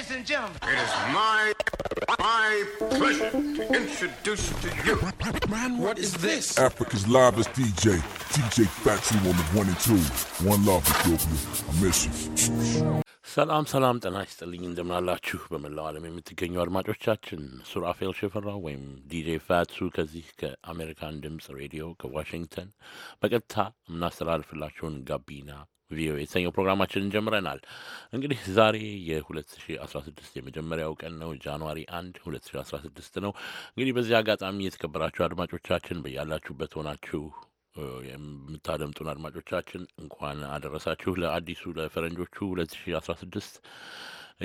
ladies and gentlemen. It is my my pleasure to introduce to you. Man, what is this? Africa's liveliest DJ, DJ Fatu on the one and two. One love, Ethiopia. I miss you. ሰላም ሰላም፣ ጤና ይስጥልኝ። እንደምናላችሁ በመላው ዓለም የምትገኙ አድማጮቻችን ሱራፌል ሽፈራው ወይም ዲጄ ፋትሱ ከዚህ ከአሜሪካን ድምፅ ሬዲዮ ከዋሽንግተን በቀጥታ የምናስተላልፍላችሁን ጋቢና ቪኦኤ የተሰኘው ፕሮግራማችንን ጀምረናል። እንግዲህ ዛሬ የ2016 የመጀመሪያው ቀን ነው። ጃንዋሪ 1 2016 ነው። እንግዲህ በዚህ አጋጣሚ የተከበራችሁ አድማጮቻችን በያላችሁበት ሆናችሁ የምታደምጡን አድማጮቻችን እንኳን አደረሳችሁ ለአዲሱ ለፈረንጆቹ 2016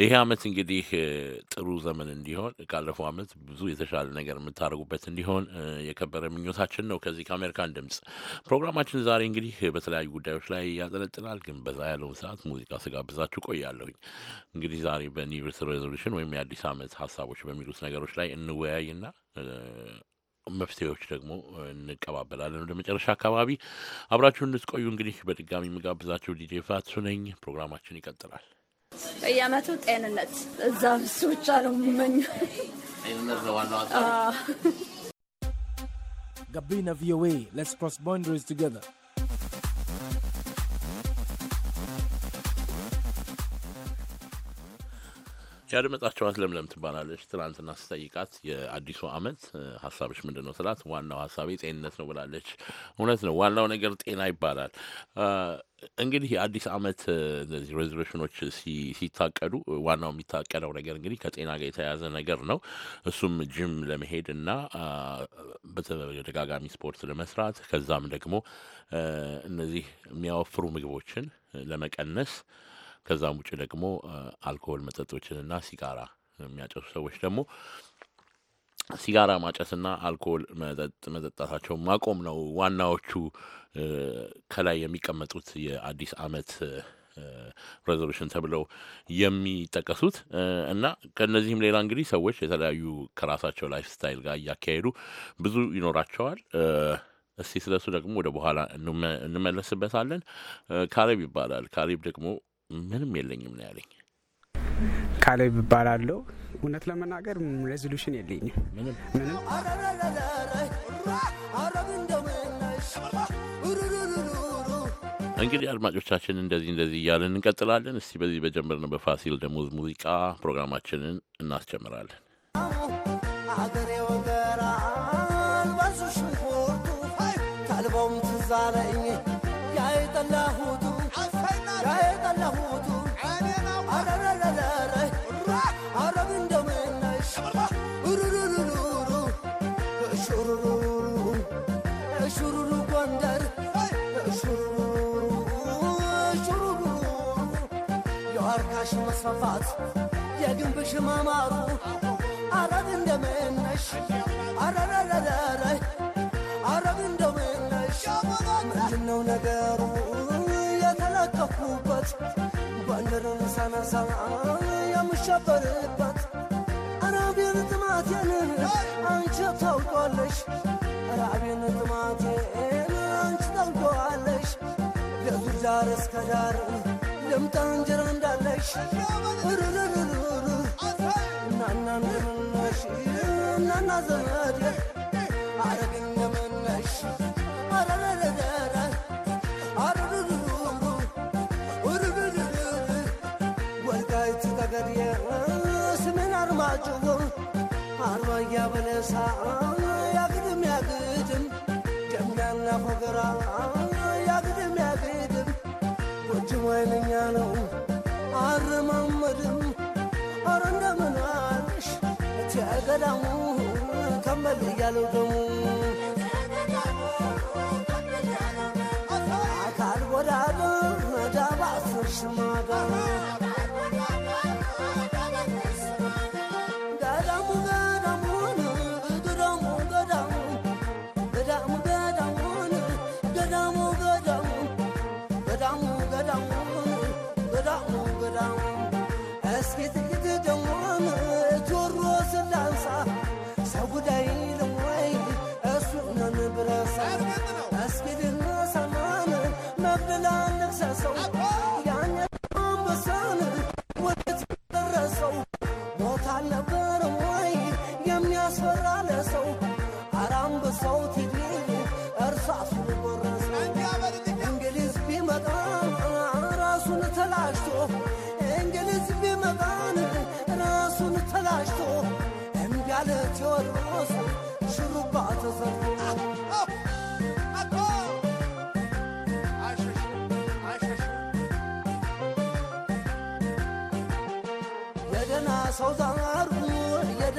ይህ አመት እንግዲህ ጥሩ ዘመን እንዲሆን ካለፈው ዓመት ብዙ የተሻለ ነገር የምታደርጉበት እንዲሆን የከበረ ምኞታችን ነው። ከዚህ ከአሜሪካን ድምፅ ፕሮግራማችን ዛሬ እንግዲህ በተለያዩ ጉዳዮች ላይ ያጠነጥናል፣ ግን በዛ ያለውን ሰዓት ሙዚቃ ስጋብዛችሁ ቆያለሁኝ። እንግዲህ ዛሬ በኒው ኢየርስ ሬዞሉሽን ወይም የአዲስ ዓመት ሀሳቦች በሚሉት ነገሮች ላይ እንወያይና መፍትሄዎች ደግሞ እንቀባበላለን። ወደ መጨረሻ አካባቢ አብራችሁ እንድትቆዩ እንግዲህ በድጋሚ የምጋብዛችሁ ዲጄ ፋትሱ ነኝ። ፕሮግራማችን ይቀጥላል። በየአመቱ ጤንነት እዛ ብሱ ብቻ ነው የምመኘው። ጤንነት ነው ዋናው። ጋቢና ቪኦኤ ሌትስ ክሮስ ቦንደሪስ ቱጌዘር ያደመጣችኋት ለምለም ትባላለች። ትናንትና ስጠይቃት የአዲሱ አመት ሀሳብሽ ምንድን ነው ስላት ዋናው ሀሳቤ ጤንነት ነው ብላለች። እውነት ነው፣ ዋናው ነገር ጤና ይባላል። እንግዲህ የአዲስ አመት እነዚህ ሬዞሉሽኖች ሲታቀዱ ዋናው የሚታቀደው ነገር እንግዲህ ከጤና ጋር የተያያዘ ነገር ነው። እሱም ጅም ለመሄድ እና በተደጋጋሚ ስፖርት ለመስራት ከዛም ደግሞ እነዚህ የሚያወፍሩ ምግቦችን ለመቀነስ ከዛም ውጭ ደግሞ አልኮል መጠጦችንና ሲጋራ የሚያጨሱ ሰዎች ደግሞ ሲጋራ ማጨስና አልኮል መጠጥ መጠጣታቸው ማቆም ነው ዋናዎቹ ከላይ የሚቀመጡት የአዲስ አመት ሬዞሉሽን ተብለው የሚጠቀሱት እና ከእነዚህም ሌላ እንግዲህ ሰዎች የተለያዩ ከራሳቸው ላይፍ ስታይል ጋር እያካሄዱ ብዙ ይኖራቸዋል። እስቲ ስለሱ ደግሞ ወደ በኋላ እንመለስበታለን። ካሪብ ይባላል። ካሪብ ደግሞ ምንም የለኝም ነው ያለኝ። ካሌብ እባላለሁ። እውነት ለመናገር ሬዞሉሽን የለኝም ምንም እንግዲህ አድማጮቻችን እንደዚህ እንደዚህ እያለን እንቀጥላለን። እስቲ በዚህ በጀመርነው በፋሲል ደሞዝ ሙዚቃ ፕሮግራማችንን እናስጀምራለን። başıma mal Aradın da menneş Arar arar arar Aradın da menneş ምነው ነገሩ የተለከፍኩበት ባንዲራን ሳነሳ የምሸበርበት ራቤን ጥማቴን አንቺ ታውቋለሽ ራቤን ጥማቴን አንቺ ታውቋለሽ ከቱ ዳር እስከ ዳር ልምጣ እንጀራ እንዳለሽ ርርርርሩ ያግድም ያግድም ወጅ ወይንኛ ነው ሰላሙ ከመል እያለው ደሙ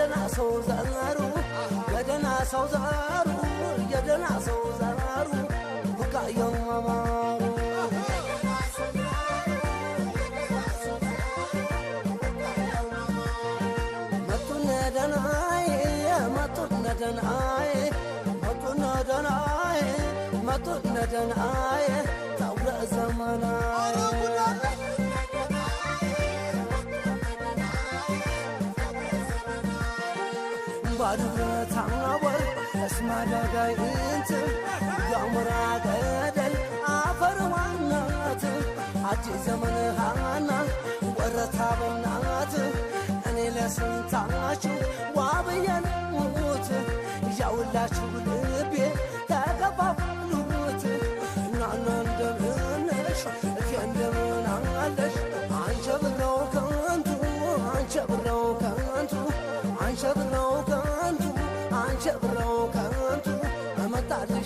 የደና ሰው ዛሩ የደና ሰው ዛሩ የደና ሰው ዛሩ ሁቃየው አማሩ መጡነ ደናይ መጡነ ደናይ መጡነ ደናይ መጡነ ደናይ ታውረ ዘመናይ አዳጋይንት የዑምራ ገደል አፈር ዋናት አዲስ ዘመን ሃና ወረታ እኔ ለስንታችሁ ዋብየንሙት ያውላችሁ ልቤ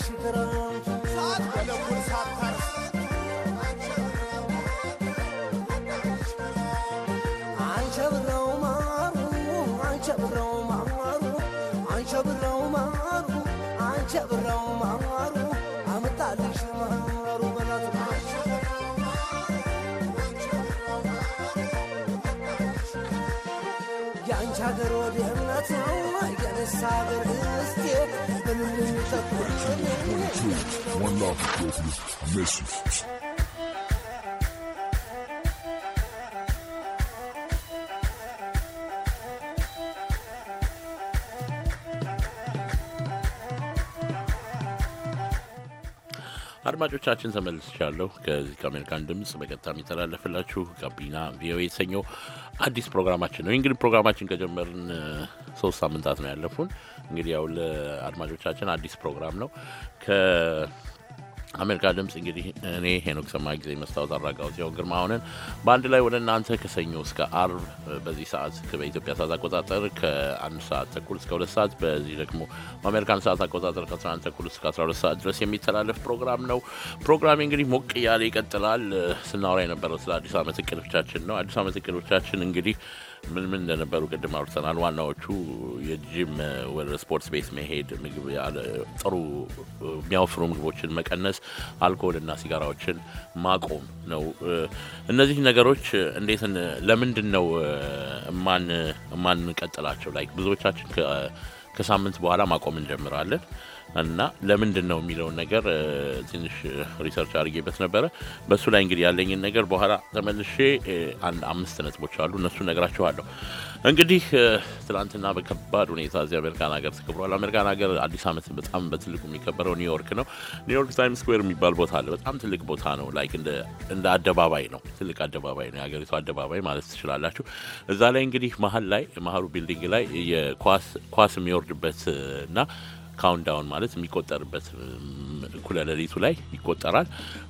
ሽትራ ሰዓት በለውል ሳታርስ አንቸብረው ማሩ አንቸብረው ማማሩ አንቸብረው ማሩ የአንቺ ሀገር ወድህነት ነው የነስ ሀገር እስቴ በምን ልንጠቁ አድማጮቻችን ተመልስቻለሁ። ከዚህ ከአሜሪካን ድምፅ በቀጥታ የሚተላለፍላችሁ ጋቢና ቪኦኤ የተሰኘው አዲስ ፕሮግራማችን ነው። እንግዲህ ፕሮግራማችን ከጀመርን ሶስት ሳምንታት ነው ያለፉን። እንግዲህ ያው ለአድማጮቻችን አዲስ ፕሮግራም ነው። አሜሪካ ድምፅ እንግዲህ እኔ ሄኖክ ሰማ ጊዜ መስታወት አራጋው ሲሆን ግርማ ሆነን በአንድ ላይ ወደ እናንተ ከሰኞ እስከ አርብ በዚህ ሰዓት በኢትዮጵያ ሰዓት አቆጣጠር ከአንድ ሰዓት ተኩል እስከ ሁለት ሰዓት በዚህ ደግሞ በአሜሪካን ሰዓት አቆጣጠር ከ11 ተኩል እስከ 12 ሰዓት ድረስ የሚተላለፍ ፕሮግራም ነው። ፕሮግራም እንግዲህ ሞቅ እያለ ይቀጥላል። ስናወራ የነበረው ስለ አዲስ ዓመት እቅዶቻችን ነው። አዲስ ዓመት እቅዶቻችን እንግዲህ ምን ምን እንደነበሩ ቅድም አውርተናል። ዋናዎቹ የጂም ወደ ስፖርት ቤት መሄድ፣ ምግብ ጥሩ የሚያወፍሩ ምግቦችን መቀነስ፣ አልኮልና ሲጋራዎችን ማቆም ነው። እነዚህ ነገሮች እንዴት ለምንድን ነው የማንቀጥላቸው? ላይ ብዙዎቻችን ከሳምንት በኋላ ማቆም እንጀምራለን። እና ለምንድን ነው የሚለውን ነገር ትንሽ ሪሰርች አድርጌበት ነበረ። በእሱ ላይ እንግዲህ ያለኝን ነገር በኋላ ተመልሼ አንድ አምስት ነጥቦች አሉ እነሱ ነግራችኋለሁ። እንግዲህ ትናንትና በከባድ ሁኔታ እዚህ አሜሪካን ሀገር ተከብሯል። አሜሪካን ሀገር አዲስ ዓመት በጣም በትልቁ የሚከበረው ኒውዮርክ ነው። ኒውዮርክ ታይምስ ስኩዌር የሚባል ቦታ አለ። በጣም ትልቅ ቦታ ነው። ላይክ እንደ አደባባይ ነው፣ ትልቅ አደባባይ ነው፣ የሀገሪቱ አደባባይ ማለት ትችላላችሁ። እዛ ላይ እንግዲህ መሀል ላይ መሀሉ ቢልዲንግ ላይ የኳስ ኳስ የሚወርድበት እና ካውንዳውን ማለት የሚቆጠርበት እኩለ ሌሊቱ ላይ ይቆጠራል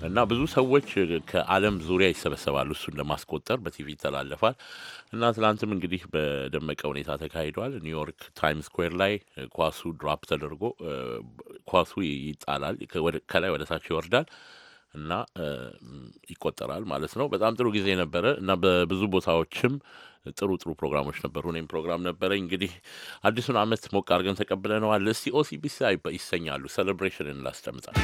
እና ብዙ ሰዎች ከዓለም ዙሪያ ይሰበሰባሉ እሱን ለማስቆጠር በቲቪ ይተላለፋል እና ትናንትም እንግዲህ በደመቀ ሁኔታ ተካሂዷል። ኒውዮርክ ታይም ስኩዌር ላይ ኳሱ ድራፕ ተደርጎ ኳሱ ይጣላል፣ ከላይ ወደ ታች ይወርዳል። እና ይቆጠራል ማለት ነው። በጣም ጥሩ ጊዜ ነበረ እና በብዙ ቦታዎችም ጥሩ ጥሩ ፕሮግራሞች ነበሩ። እኔም ፕሮግራም ነበረ። እንግዲህ አዲሱን ዓመት ሞቅ አድርገን ተቀብለነዋል። እስቲ ኦሲቢሲ ይሰኛሉ። ሴሌብሬሽንን ላስደምጣል።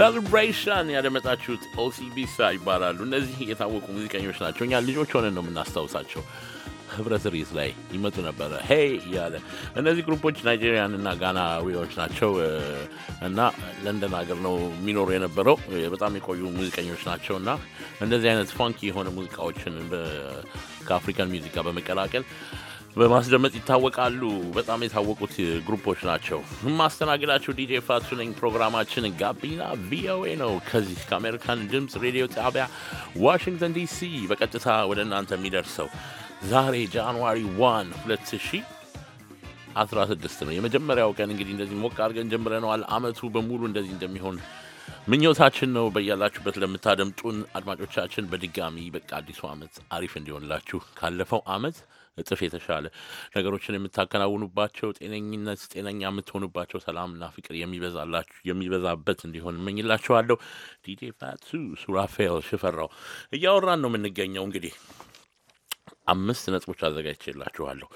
ሰልብሬሽን ያደመጣችሁት ኦሲቢሳ ይባላሉ። እነዚህ የታወቁ ሙዚቀኞች ናቸው። እኛ ልጆች ሆነን ነው የምናስታውሳቸው። ህብረት ሪት ላይ ይመጡ ነበረ ሄይ እያለ እነዚህ ግሩፖች ናይጄሪያን እና ጋናዊዎች ናቸው እና ለንደን ሀገር ነው የሚኖሩ የነበረው በጣም የቆዩ ሙዚቀኞች ናቸው እና እንደዚህ አይነት ፋንኪ የሆነ ሙዚቃዎችን ከአፍሪካን ሙዚቃ በመቀላቀል በማስደመጥ ይታወቃሉ። በጣም የታወቁት ግሩፖች ናቸው። የማስተናግዳቸው ዲጄ ፋቱ ነኝ። ፕሮግራማችን ጋቢና ቪኦኤ ነው። ከዚህ ከአሜሪካን ድምፅ ሬዲዮ ጣቢያ ዋሽንግተን ዲሲ በቀጥታ ወደ እናንተ የሚደርሰው ዛሬ ጃንዋሪ 1 2016 ነው። የመጀመሪያው ቀን እንግዲህ እንደዚህ ሞቅ አድርገን ጀምረነዋል። አመቱ በሙሉ እንደዚህ እንደሚሆን ምኞታችን ነው። በያላችሁበት ለምታደምጡን አድማጮቻችን በድጋሚ በቃ አዲሱ አመት አሪፍ እንዲሆንላችሁ ካለፈው አመት እጥፍ የተሻለ ነገሮችን የምታከናውኑባቸው ጤነኝነት ጤነኛ የምትሆኑባቸው ሰላምና ፍቅር የሚበዛበት እንዲሆን እመኝላችኋለሁ። ዲጄ ፋቱ ሱራፌል ሽፈራው እያወራን ነው የምንገኘው እንግዲህ አምስት ነጥቦች አዘጋጅቼላችኋለሁ።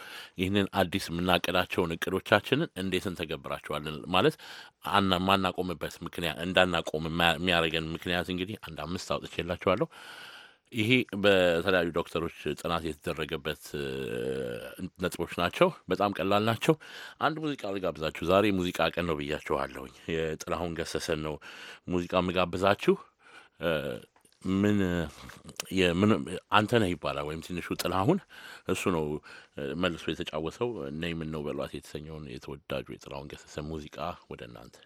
ይህንን አዲስ የምናቀዳቸውን እቅዶቻችንን እንዴት እንተገብራቸዋለን ማለት ማናቆምበት ምክንያት እንዳናቆም የሚያደርገን ምክንያት እንግዲህ አንድ አምስት አውጥቼላችኋለሁ። ይሄ በተለያዩ ዶክተሮች ጥናት የተደረገበት ነጥቦች ናቸው። በጣም ቀላል ናቸው። አንድ ሙዚቃ ልጋብዛችሁ። ዛሬ ሙዚቃ ቀን ነው ብያችኋለሁኝ። የጥላሁን ገሰሰን ነው ሙዚቃ የምጋብዛችሁ። ምን አንተነህ ይባላል ወይም ትንሹ ጥላሁን እሱ ነው መልሶ የተጫወተው ነይ ምን ነው በሏት የተሰኘውን የተወዳጁ የጥላሁን ገሰሰን ሙዚቃ ወደ እናንተ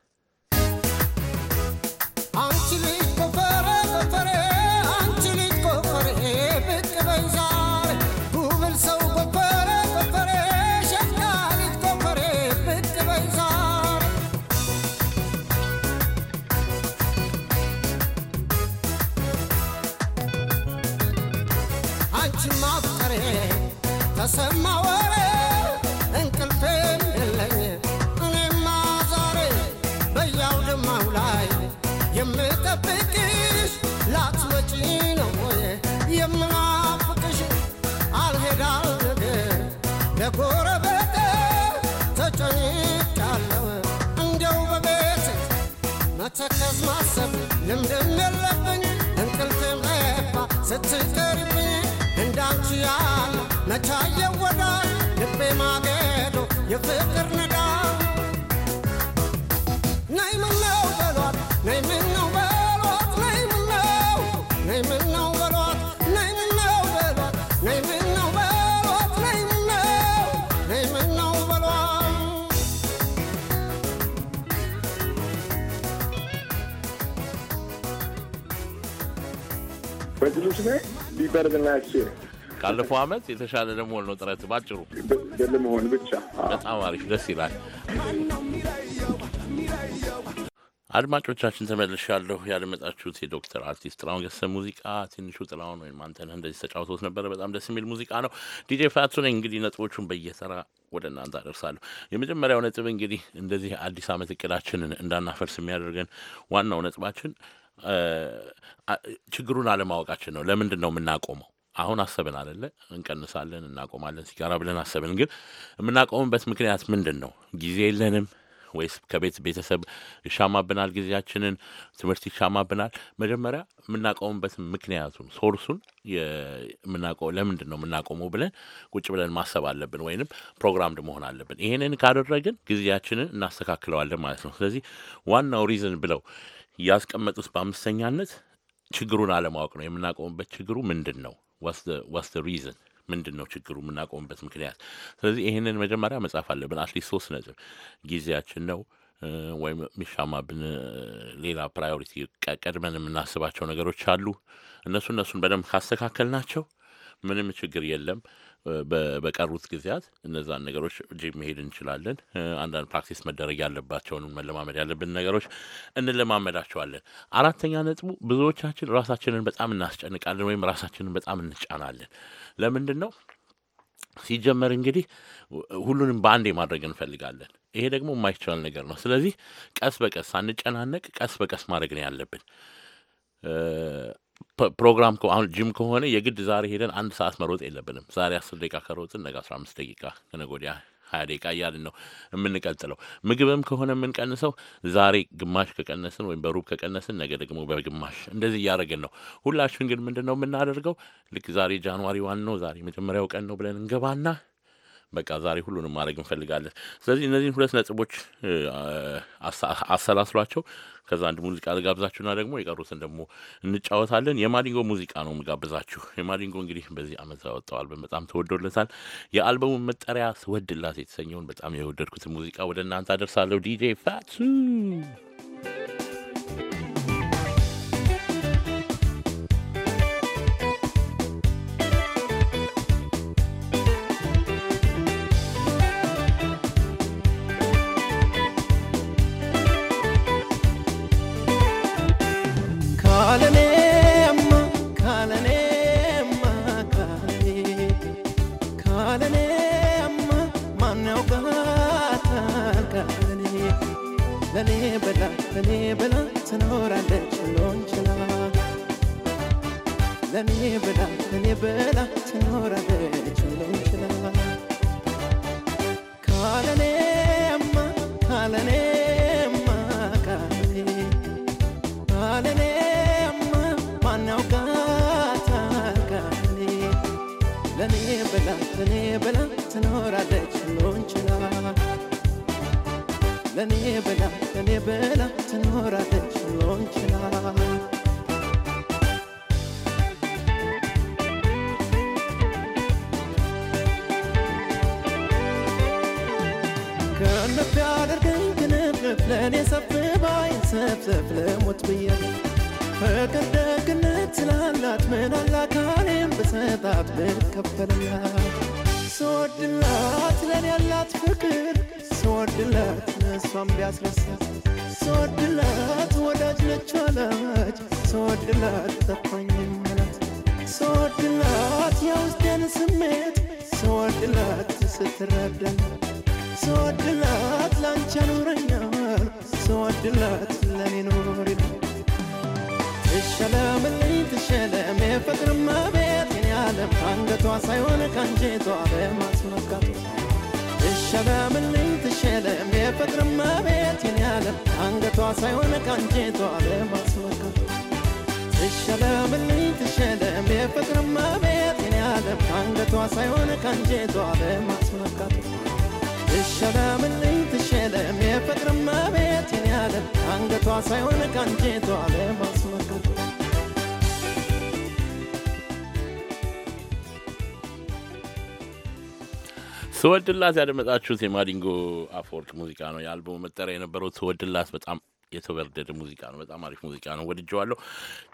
ካለፈው አመት የተሻለ ለመሆን ነው ጥረት ባጭሩ ለመሆን ብቻ። በጣም አሪፍ ደስ ይላል። አድማጮቻችን ተመልሻለሁ። ያደመጣችሁት የዶክተር አርቲስት ጥላሁን ገሰ ሙዚቃ ትንሹ ጥላሁን ወይም አንተነህ እንደዚህ ተጫውቶት ነበረ። በጣም ደስ የሚል ሙዚቃ ነው። ዲጄ ፋቱ ነኝ። እንግዲህ ነጥቦቹን በየተራ ወደ እናንተ አደርሳለሁ። የመጀመሪያው ነጥብ እንግዲህ እንደዚህ አዲስ አመት እቅዳችንን እንዳናፈርስ የሚያደርገን ዋናው ነጥባችን ችግሩን አለማወቃችን ነው። ለምንድን ነው የምናቆመው? አሁን አሰብን አደለ? እንቀንሳለን፣ እናቆማለን ሲጋራ ብለን አሰብን። ግን የምናቆምበት ምክንያት ምንድን ነው? ጊዜ የለንም ወይስ ከቤት ቤተሰብ ይሻማብናል፣ ጊዜያችንን ትምህርት ይሻማብናል። መጀመሪያ የምናቆምበት ምክንያቱን ሶርሱን ለምንድን ነው የምናቆመው ብለን ቁጭ ብለን ማሰብ አለብን፣ ወይንም ፕሮግራምድ መሆን አለብን። ይህንን ካደረግን ጊዜያችንን እናስተካክለዋለን ማለት ነው። ስለዚህ ዋናው ሪዝን ብለው ያስቀመጡት በአምስተኛነት ችግሩን አለማወቅ ነው። የምናቆምበት ችግሩ ምንድን ነው? ዋስ ሪዝን ምንድን ነው ችግሩ? የምናቆምበት ምክንያት። ስለዚህ ይህንን መጀመሪያ መጻፍ አለብን። አትሊስት ሶስት ነጥብ ጊዜያችን ነው ወይም የሚሻማብን ሌላ ፕራዮሪቲ ቀድመን የምናስባቸው ነገሮች አሉ። እነሱ እነሱን በደንብ ካስተካከልናቸው ምንም ችግር የለም። በቀሩት ጊዜያት እነዛን ነገሮች ጂም መሄድ እንችላለን። አንዳንድ ፕራክቲስ መደረግ ያለባቸውን መለማመድ ያለብን ነገሮች እንለማመዳቸዋለን። አራተኛ ነጥቡ ብዙዎቻችን ራሳችንን በጣም እናስጨንቃለን ወይም ራሳችንን በጣም እንጫናለን። ለምንድን ነው ሲጀመር እንግዲህ ሁሉንም በአንዴ ማድረግ እንፈልጋለን። ይሄ ደግሞ የማይቻል ነገር ነው። ስለዚህ ቀስ በቀስ ሳንጨናነቅ ቀስ በቀስ ማድረግ ነው ያለብን። ፕሮግራም አሁን ጅም ከሆነ የግድ ዛሬ ሄደን አንድ ሰዓት መሮጥ የለብንም። ዛሬ አስር ደቂቃ ከሮጥን ነገ አስራ አምስት ደቂቃ ከነገ ወዲያ ሀያ ደቂቃ እያልን ነው የምንቀጥለው። ምግብም ከሆነ የምንቀንሰው ዛሬ ግማሽ ከቀነስን ወይም በሩብ ከቀነስን ነገ ደግሞ በግማሽ እንደዚህ እያደረግን ነው። ሁላችን ግን ምንድን ነው የምናደርገው? ልክ ዛሬ ጃንዋሪ ዋን ነው ዛሬ መጀመሪያው ቀን ነው ብለን እንገባና በቃ ዛሬ ሁሉንም ማድረግ እንፈልጋለን። ስለዚህ እነዚህን ሁለት ነጥቦች አሰላስሏቸው። ከዛ አንድ ሙዚቃ ልጋብዛችሁና ደግሞ የቀሩትን ደግሞ እንጫወታለን። የማዲንጎ ሙዚቃ ነው የምጋብዛችሁ። የማዲንጎ እንግዲህ በዚህ ዓመት ያወጣው አልበም በጣም ተወዶለታል። የአልበሙን መጠሪያ ስወድላት የተሰኘውን በጣም የወደድኩትን ሙዚቃ ወደ እናንተ አደርሳለሁ። ዲጄ ፋቱ ብላ ከኔ ብላ ትኖራለች ሊሆን ይችላል ክንፍ ያደርገኝ ክንፍንፍ ለእኔ ሰፍ ባይ ሰብሰብ ለሞት ብዬ ፍቅር ደግነት ስላላት ምን አላካሌም ብሰጣት ብከፈልላት ስወድላት ለእኔ ያላት ፍቅር ስወድለት እሷም ቢያስረሳት ስወድለት ወዳጅ ነች አለች ስወድለት ጠፋኝ ምላት ስወድለት የውስጤን ስሜት ስወድለት ስትረዳኝ ስወድለት ላንቺ ኑረኛል ስወድለት ለኔ ኖሪ ትሸለምልኝ ትሸለም የፍቅርማ ቤት የኔ ዓለም አንገቷ ሳይሆን ካንጀቷ በማስመካቱ ትሸለምልኝ አንገቷ ሳይሆን ካንጀቷ ለማስመካ ትሸለምን ትሸለም የፍቅር መቤት ኔ አለም አንገቷ ሳይሆን ካንጀቷ ለማስመካት ትሸለምን ትሸለም የፍቅር መቤት ኔ አለም አንገቷ ሳይሆን ካንጀቷ ለማስመካት ስወድላስ ያደመጣችሁት የማዲንጎ አፈወርቅ ሙዚቃ ነው። የአልበሙ መጠሪያ የነበረው ስወድላስ በጣም የተወደደ ሙዚቃ ነው። በጣም አሪፍ ሙዚቃ ነው። ወድጀዋለሁ።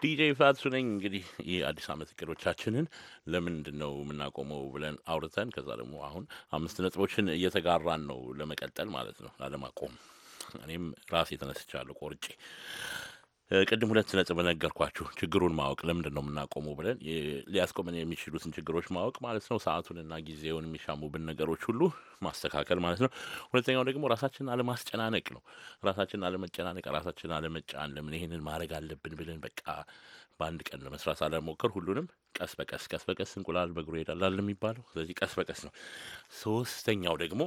ዲጄ ፋትሱ ነኝ። እንግዲህ ይህ አዲስ ዓመት እቅዶቻችንን ለምንድን ነው የምናቆመው ብለን አውርተን ከዛ ደግሞ አሁን አምስት ነጥቦችን እየተጋራን ነው ለመቀጠል ማለት ነው፣ ላለማቆም እኔም ራሴ ተነስቻለሁ ቆርጬ ቅድም ሁለት ነጥብ ነገርኳችሁ። ችግሩን ማወቅ ለምንድን ነው የምናቆመው ብለን ሊያስቆመን የሚችሉትን ችግሮች ማወቅ ማለት ነው። ሰዓቱንና ጊዜውን የሚሻሙብን ነገሮች ሁሉ ማስተካከል ማለት ነው። ሁለተኛው ደግሞ ራሳችንን አለማስጨናነቅ ነው። ራሳችንን አለመጨናነቅ፣ ራሳችንን አለመጫን፣ ለምን ይህንን ማድረግ አለብን ብለን በቃ በአንድ ቀን ለመስራት አለሞከር። ሁሉንም ቀስ በቀስ ቀስ በቀስ እንቁላል በእግሩ ይሄዳል የሚባለው ስለዚህ ቀስ በቀስ ነው። ሶስተኛው ደግሞ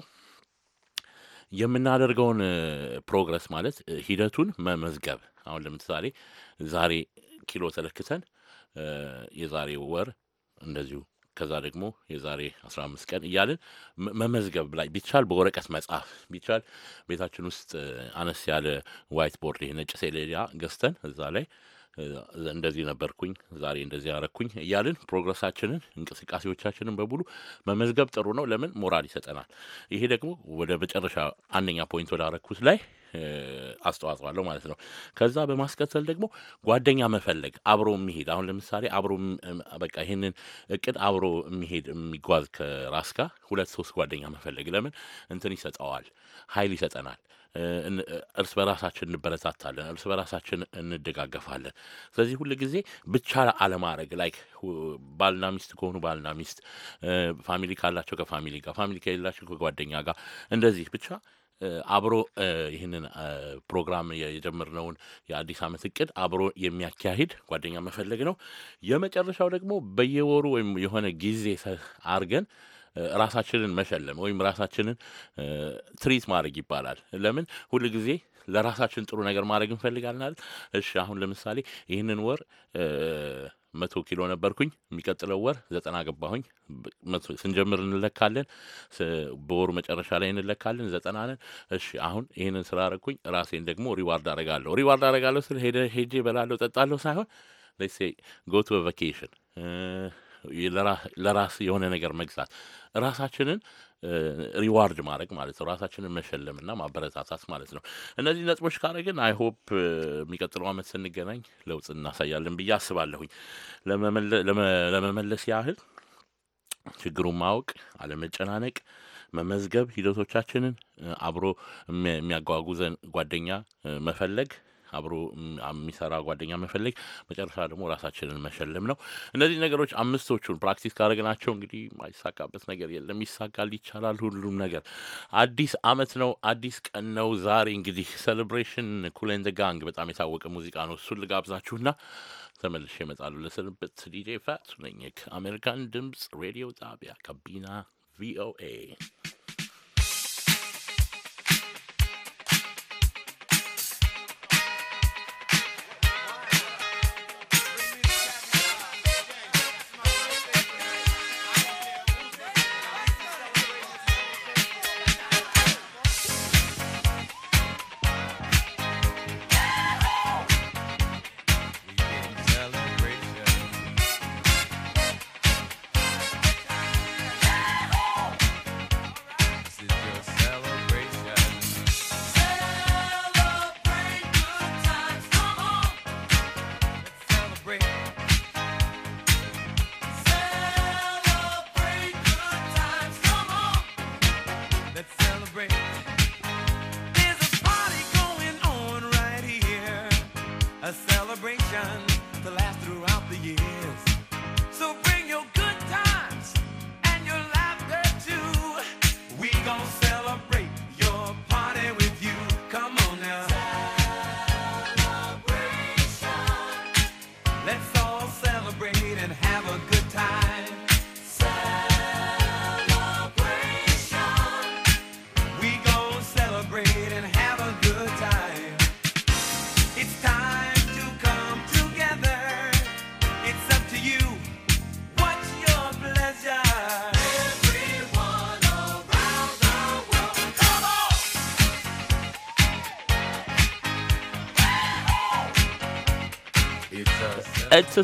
የምናደርገውን ፕሮግረስ ማለት ሂደቱን መመዝገብ አሁን ለምሳሌ ዛሬ ኪሎ ተለክተን የዛሬ ወር እንደዚሁ ከዛ ደግሞ የዛሬ 15 ቀን እያልን መመዝገብ ላይ ቢቻል በወረቀት መጽሐፍ ቢቻል ቤታችን ውስጥ አነስ ያለ ዋይት ቦርድ ይህ ነጭ ሰሌዳ ገዝተን እዛ ላይ እንደዚህ ነበርኩኝ፣ ዛሬ እንደዚህ ያረኩኝ እያልን ፕሮግረሳችንን እንቅስቃሴዎቻችንን በሙሉ መመዝገብ ጥሩ ነው። ለምን ሞራል ይሰጠናል። ይሄ ደግሞ ወደ መጨረሻ አንደኛ ፖይንት ወዳረኩት ላይ አስተዋጽኦ አለው ማለት ነው። ከዛ በማስከተል ደግሞ ጓደኛ መፈለግ፣ አብሮ የሚሄድ አሁን ለምሳሌ አብሮ በቃ ይህንን እቅድ አብሮ የሚሄድ የሚጓዝ ከራስ ጋር ሁለት ሶስት ጓደኛ መፈለግ ለምን እንትን ይሰጠዋል፣ ኃይል ይሰጠናል። እርስ በራሳችን እንበረታታለን፣ እርስ በራሳችን እንደጋገፋለን። ስለዚህ ሁል ጊዜ ብቻ አለማድረግ ላይክ ባልና ሚስት ከሆኑ ባልና ሚስት፣ ፋሚሊ ካላቸው ከፋሚሊ ጋር፣ ፋሚሊ ከሌላቸው ከጓደኛ ጋር እንደዚህ ብቻ አብሮ ይህንን ፕሮግራም የጀመርነውን የአዲስ ዓመት እቅድ አብሮ የሚያካሂድ ጓደኛ መፈለግ ነው። የመጨረሻው ደግሞ በየወሩ ወይም የሆነ ጊዜ አርገን ራሳችንን መሸለም ወይም ራሳችንን ትሪት ማድረግ ይባላል። ለምን ሁል ጊዜ ለራሳችን ጥሩ ነገር ማድረግ እንፈልጋለን እሺ አሁን ለምሳሌ ይህንን ወር መቶ ኪሎ ነበርኩኝ። የሚቀጥለው ወር ዘጠና ገባሁኝ። ስንጀምር እንለካለን፣ በወሩ መጨረሻ ላይ እንለካለን። ዘጠና ነን። እሺ አሁን ይህንን ስላረግኩኝ ራሴን ደግሞ ሪዋርድ አረጋለሁ። ሪዋርድ አረጋለሁ ስል ሄደ ሄጄ በላለሁ ጠጣለሁ ሳይሆን ሌሴ ጎቱ ቫኬሽን ለራስ የሆነ ነገር መግዛት ራሳችንን ሪዋርድ ማድረግ ማለት ነው። ራሳችንን መሸለምና ማበረታታት ማለት ነው። እነዚህ ነጥቦች ካረግን አይሆፕ የሚቀጥለው ዓመት ስንገናኝ ለውጥ እናሳያለን ብዬ አስባለሁኝ። ለመመለስ ያህል ችግሩን ማወቅ፣ አለመጨናነቅ፣ መመዝገብ፣ ሂደቶቻችንን አብሮ የሚያጓጉዘን ጓደኛ መፈለግ አብሮ የሚሰራ ጓደኛ መፈለግ፣ መጨረሻ ደግሞ ራሳችንን መሸለም ነው። እነዚህ ነገሮች አምስቶቹን ፕራክቲስ ካደረግናቸው እንግዲህ ማይሳካበት ነገር የለም። ይሳካል፣ ይቻላል ሁሉም ነገር። አዲስ አመት ነው፣ አዲስ ቀን ነው። ዛሬ እንግዲህ ሴሌብሬሽን ኩሌንደ ጋንግ በጣም የታወቀ ሙዚቃ ነው። እሱን ልጋብዛችሁና ተመልሼ እመጣለሁ። ለስንብት ዲጄ ፋቱ ነኝ ከአሜሪካን ድምፅ ሬዲዮ ጣቢያ ጋቢና ቪኦኤ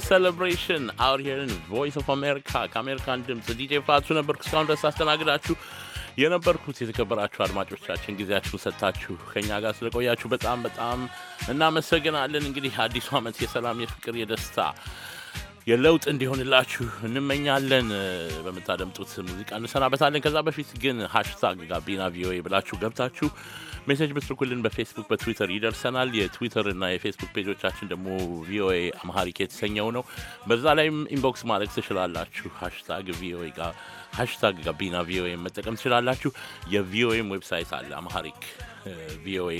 ሴሌብሬሽን አውት ሄርን ቮይስ ኦፍ አሜሪካ ከአሜሪካን ድምፅ ዲጄ ፋቱ ነበርኩ። እስካሁን ድረስ አስተናግዳችሁ የነበርኩት የተከበራችሁ አድማጮቻችን ጊዜያችሁን ሰጥታችሁ ከኛ ጋር ስለቆያችሁ በጣም በጣም እናመሰግናለን። እንግዲህ አዲሱ ዓመት የሰላም የፍቅር፣ የደስታ የለውጥ እንዲሆንላችሁ እንመኛለን። በምታደምጡት ሙዚቃ እንሰናበታለን። ከዛ በፊት ግን ሃሽታግ ጋቢና ቪኦኤ ብላችሁ ገብታችሁ ሜሴጅ ብትልኩልን በፌስቡክ በትዊተር ይደርሰናል። የትዊተር እና የፌስቡክ ፔጆቻችን ደግሞ ቪኦኤ አምሃሪክ የተሰኘው ነው። በዛ ላይም ኢንቦክስ ማድረግ ትችላላችሁ። ሃሽታግ ቪኦኤ ጋር ሃሽታግ ጋቢና ቪኦኤ መጠቀም ትችላላችሁ። የቪኦኤም ዌብሳይት አለ አምሃሪክ ቪኦኤ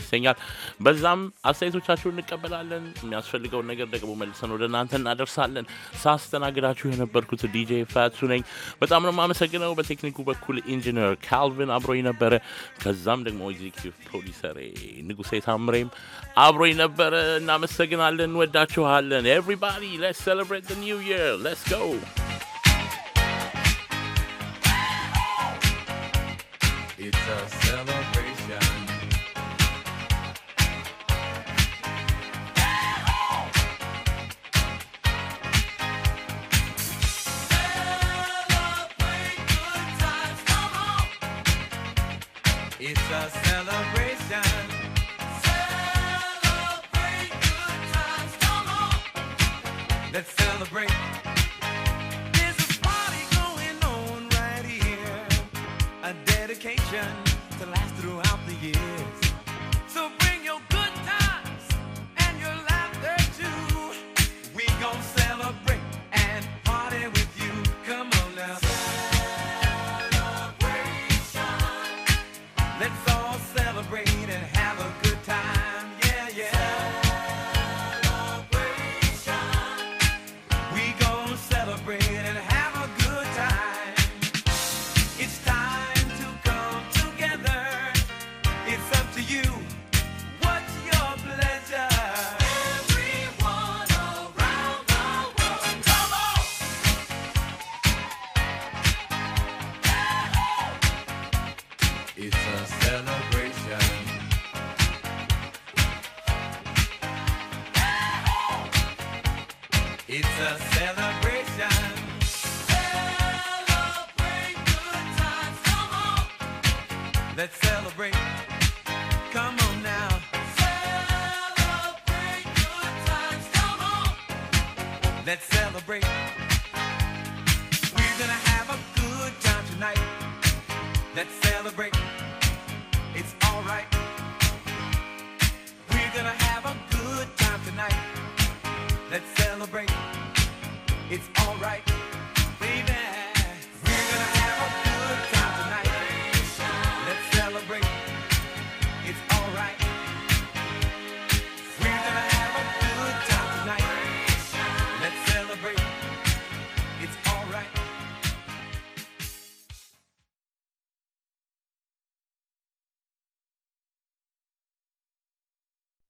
ይሰኛል። በዛም አስተያየቶቻችሁ እንቀበላለን። የሚያስፈልገውን ነገር ደግሞ መልሰን ወደ እናንተ እናደርሳለን። ሳስተናግዳችሁ የነበርኩት ዲጄ ፋቱ ነኝ። በጣም ነው የማመሰግነው። በቴክኒኩ በኩል ኢንጂነር ካልቪን አብሮኝ ነበረ። ከዛም ደግሞ ኤግዚኪቲቭ ፕሮዲሰር ንጉሴ ታምሬም አብሮኝ ነበረ። እናመሰግናለን። እንወዳችኋለን። ኤቭሪባዲ ሌትስ ሴሌብሬት ኒው ይር ሌትስ ጎ It's a celebration.